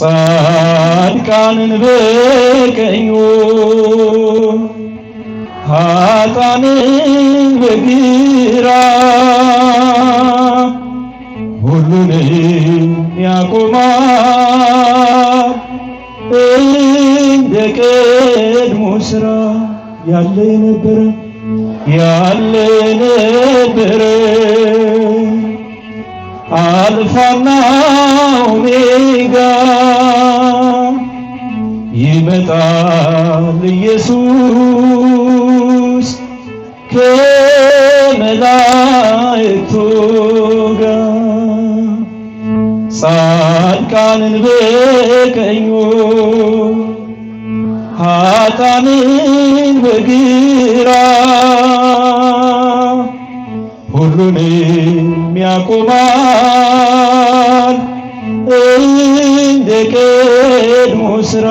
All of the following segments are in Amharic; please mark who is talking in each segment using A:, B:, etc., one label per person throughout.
A: ጻድቃንን በቀኙ ኃጥአንን በግራ ሁሉን ያቆማል እንደ ቀድሞ ሥራ ያለ የነበረ ያለ የነበረ! አልፋና ኦሜጋ ይመጣል ኢየሱስ ከመላእክቱ ጋር ጻድቃንን በቀኙ ኃጥአንን በግራ ሁሉንም ያቆማል እንደ ቀድሞ ስራ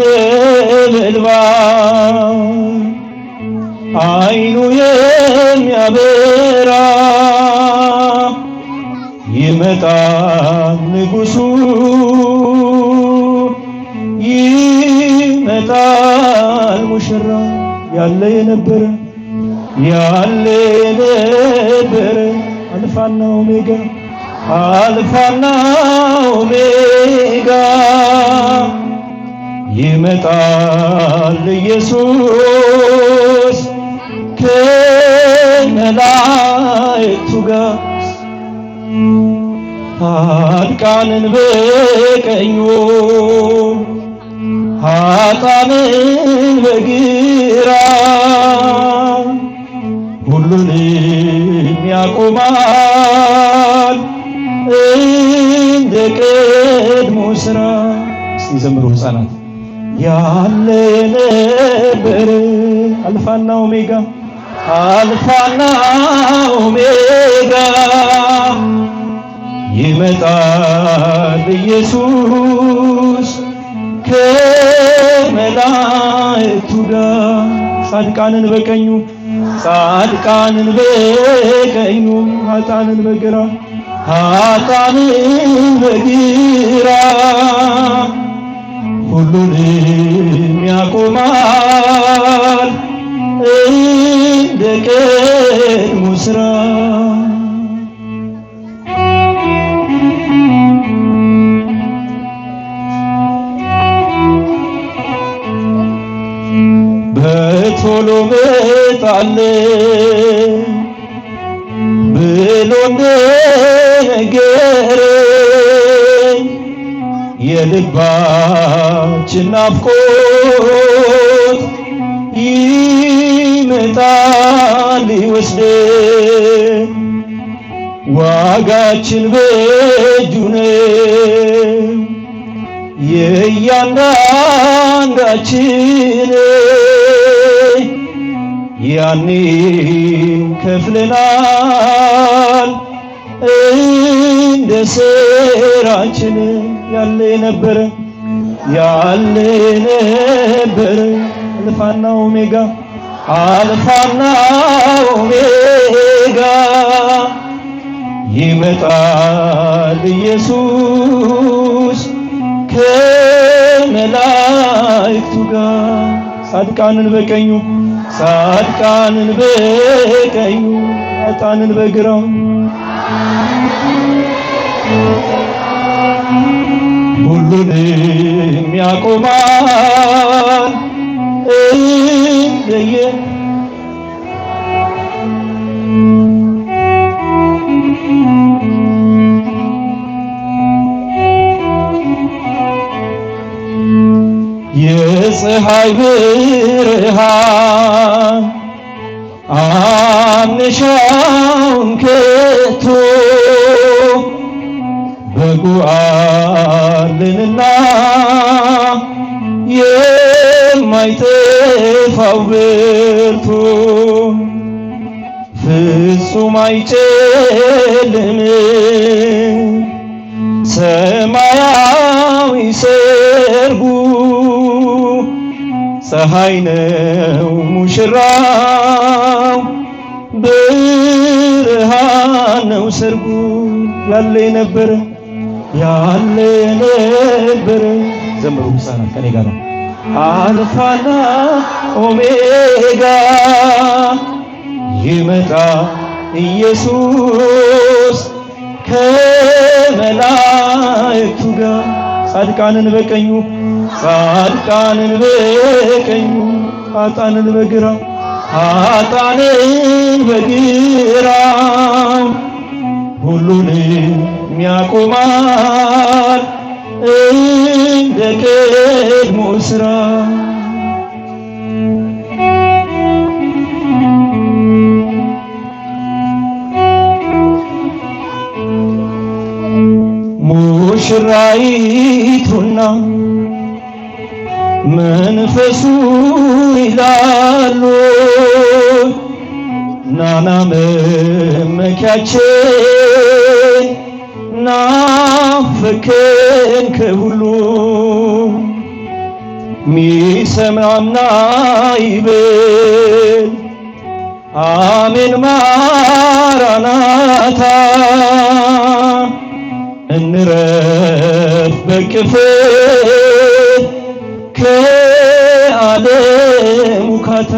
A: ልዕልባ አይኑ የሚያበራ ይመጣል ንጉሱ ይመጣል ሙሽራ ያለ የነበረ ያለ የነበረ አልፋና ኦሜጋ አልፋና ኦሜጋ ይመጣል ኢየሱስ ከመላእክቱ ጋር ጻድቃንን በቀኙ ኃጥአንን በግራ ሁሉንም ያቆማል እንደ ቀድሞ ሥራ። እስቲ ዘምሩ ሕፃናት ያለ የነበረ አልፋና ኦሜጋ አልፋና ኦሜጋ ይመጣል ኢየሱስ ከመላእክቱ ጋር ጻድቃንን በቀኙ ጻድቃንን በቀኙ ኃጥአንን በግራ ኃጥአንን በግራ ሁሉንም ያቆማል እንደ ቀድሞ ስራ በቶሎ መጣለሁ ብሎ ነገረኝ የልባችን ናፍቆት ይመጣል ሊወስደን፣ ዋጋችን በእጁ ነው። የእያንዳንዳችን ያኔ ከፍለናል እንደ ሥራችን ያለ የነበረ ያለ የነበረ አልፋና ኦሜጋ አልፋና ኦሜጋ ይመጣል ኢየሱስ ከመላእክቱ ጋር ጻድቃንን በቀኙ ጻድቃንን በቀኙ ኃጥአንን በግራው ሁሉንም ያቆማል የፀሐይ ብርሃን አንሻውን ከቶ በጉ አለንና የማይጠፋው ብርቱ ፍጹም አይጨልምም ሰማያዊ ሰርጉ ፀሐይ ነው ሙሽራው ብርሃን ነው ሰርጉ ያለ የነበረ ያለ ነበር። ዘምሩ ህፃናት ከኔ ጋር አልፋና ኦሜጋ ይመጣ ኢየሱስ ከመላእክቱ ጋር ጻድቃንን በቀኙ ጻድቃንን በቀኙ አጣንን በግራው አጣንን በግራው ሁሉን ያቆማል እንደ ቀድሞ ስራ ሙሽራይቱና መንፈሱ ይላሉ ናና መመኪያችን ከመከን ከሁሉ ሚሰማና ይብል አሜን ማራናታ እንረፍ በክፍ ከዓለም ውካታ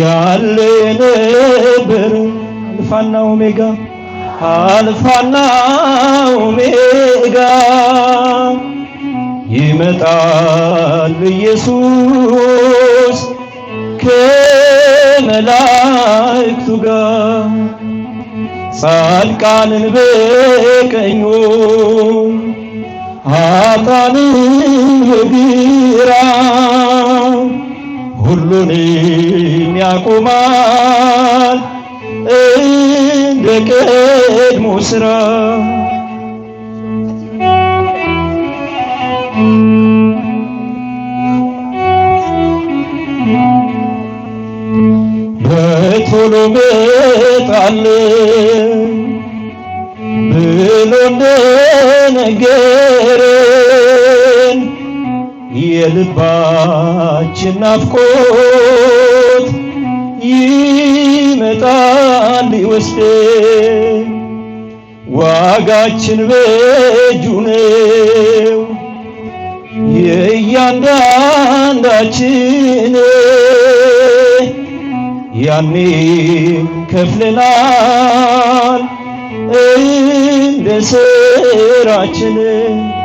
A: ያለ ነበር አልፋና ኦሜጋ አልፋና ኦሜጋ ይመጣል ኢየሱስ ከመላእክቱ ጋር ጻድቃንን በቀኙ ኃጥአንን በግራው ሁሉንም ያቆማል በቀድሞ ስራ በቶሎ መጣለ ብሎ እንደነገረን የልባችን ናፍቆት ቢመጣ ቢወስደን ዋጋችን በእጁ ነው የእያንዳንዳችን ያኔ ከፍለናል እንደ ስራችን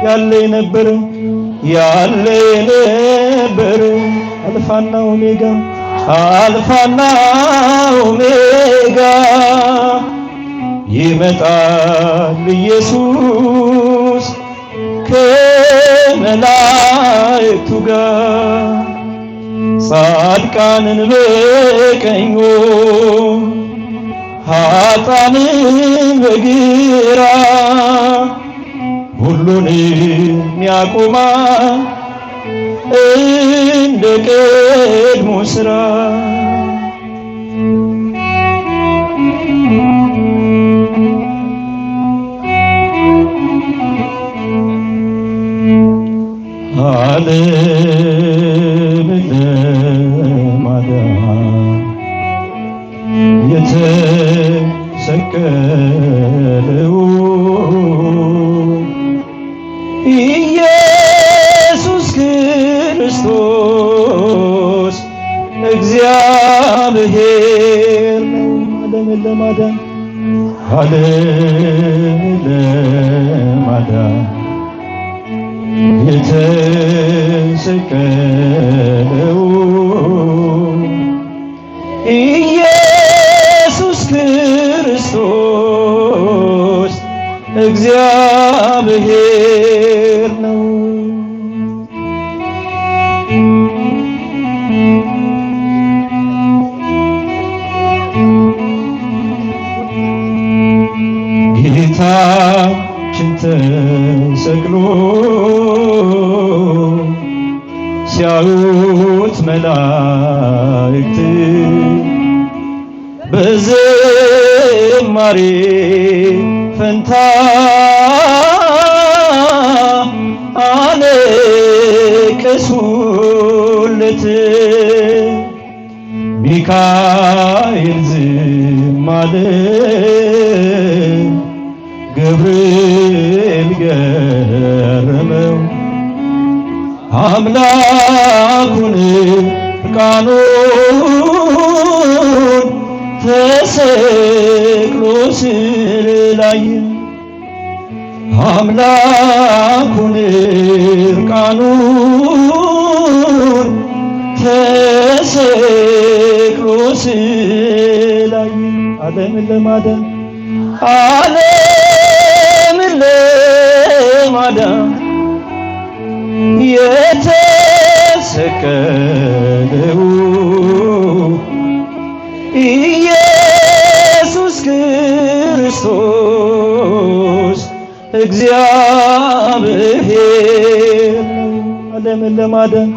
A: ያለ የነበረ ያለ የነበረ አልፋና ኦሜጋ አልፋና ኦሜጋ ይመጣል ኢየሱስ ከመላእክቱ ጋር ጻድቃንን በቀኙ ኃጥአንን በግራ ሁሉንም ያቆማል እንደ ቀድሞ ስራ አለ ለማዳን ዓለም ለማዳን የተሰቀለው ኢየሱስ ክርስቶስ እግዚአብሔር ሲሰቅሉ ሲያዩት መላእክት በዝማሬ ፈንታ አለቀሱለት። ሚካኤል ዝም አለ ገብርኤል ገረመው አምላኩን ቃኑን ተሰቅሎ ስል ላይ አምላኩን ቃኑን ተሰቅሎ ስል ላይ ዓለምን ለማዳን በኋላ የተሰቀለው ኢየሱስ ክርስቶስ እግዚአብሔር ዓለምን ለማዳን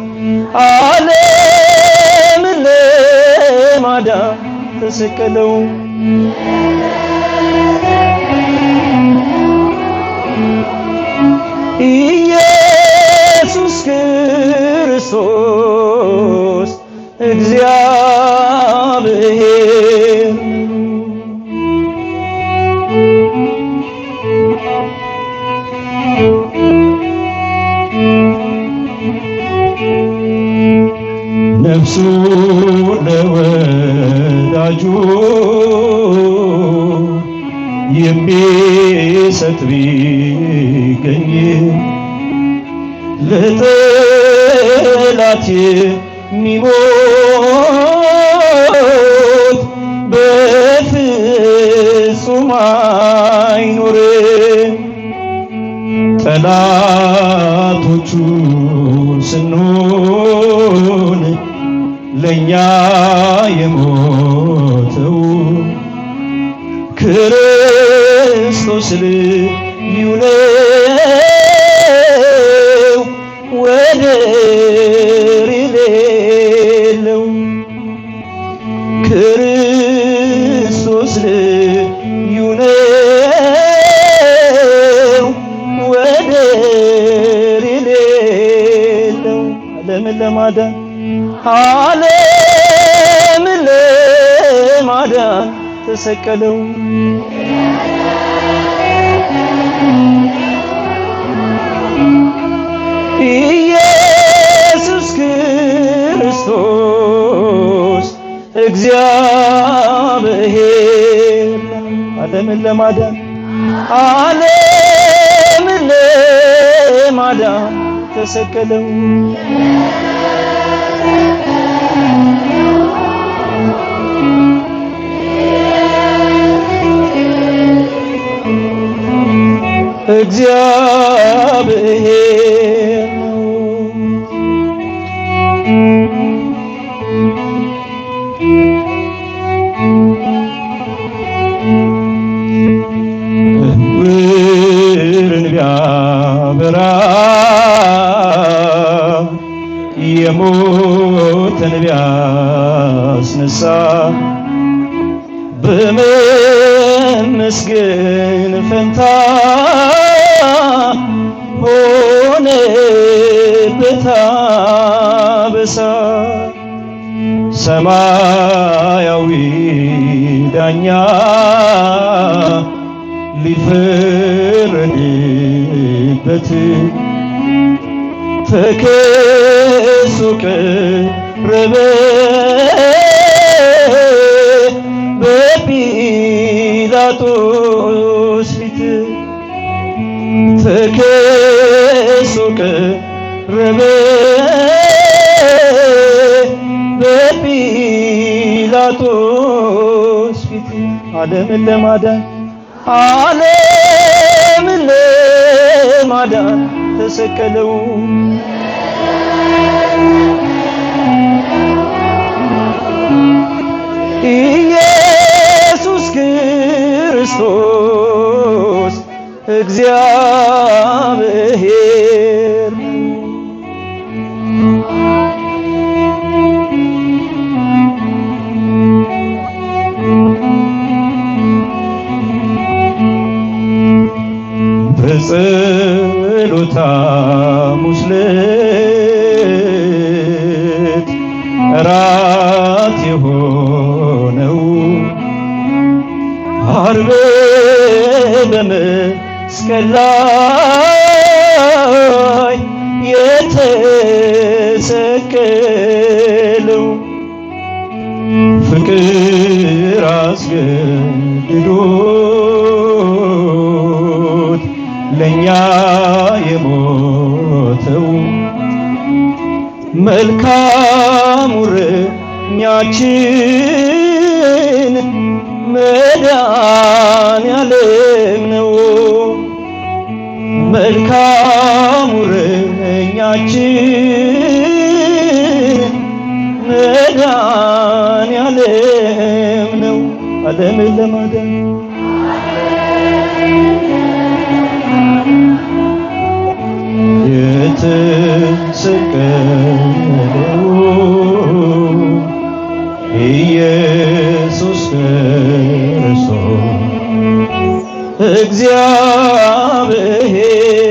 A: ዓለምን ለማዳን ተሰቀለው ኢየሱስ ክርስቶስ እግዚአብሔር ነፍሱ በኃጢአት ሚሞት በፍጹም አይኖርም። ጠላቶቹ ስንሆን ለእኛ የሞተው ክርስቶስ ልዩ ነው። ዓለምን ለማዳን ዓለምን ለማዳን ተሰቀለው። ኢየሱስ ክርስቶስ እግዚአብሔር ዓለምን ለማዳን ዓለምን ለማዳን የተሰቀለው እግዚአብሔር አስነሳ በመመስገን ፈንታ ሆነበት አበሳ ሰማያዊ ዳኛ ሊፈረድበት ተከሶ ቀረበ ጲላጦስ ፊት ፍክሱ ቀረበ በጲላጦስ ፊት ዓለምን ለማዳን ዓለምን ለማዳን ተሰቀለው እየ ኢየሱስ እግዚአ መስቀል ላይ የተሰቀለው ፍቅር አስገድዶት ለእኛ የሞተው መልካሙ እረኛችን መዳን ያለ መልካሙ እረኛችን መድኃኒዓለም ነው ዓለምን ለማዳን የተሰቀለው ኢየሱስ ክርስቶስ እግዚአብሔር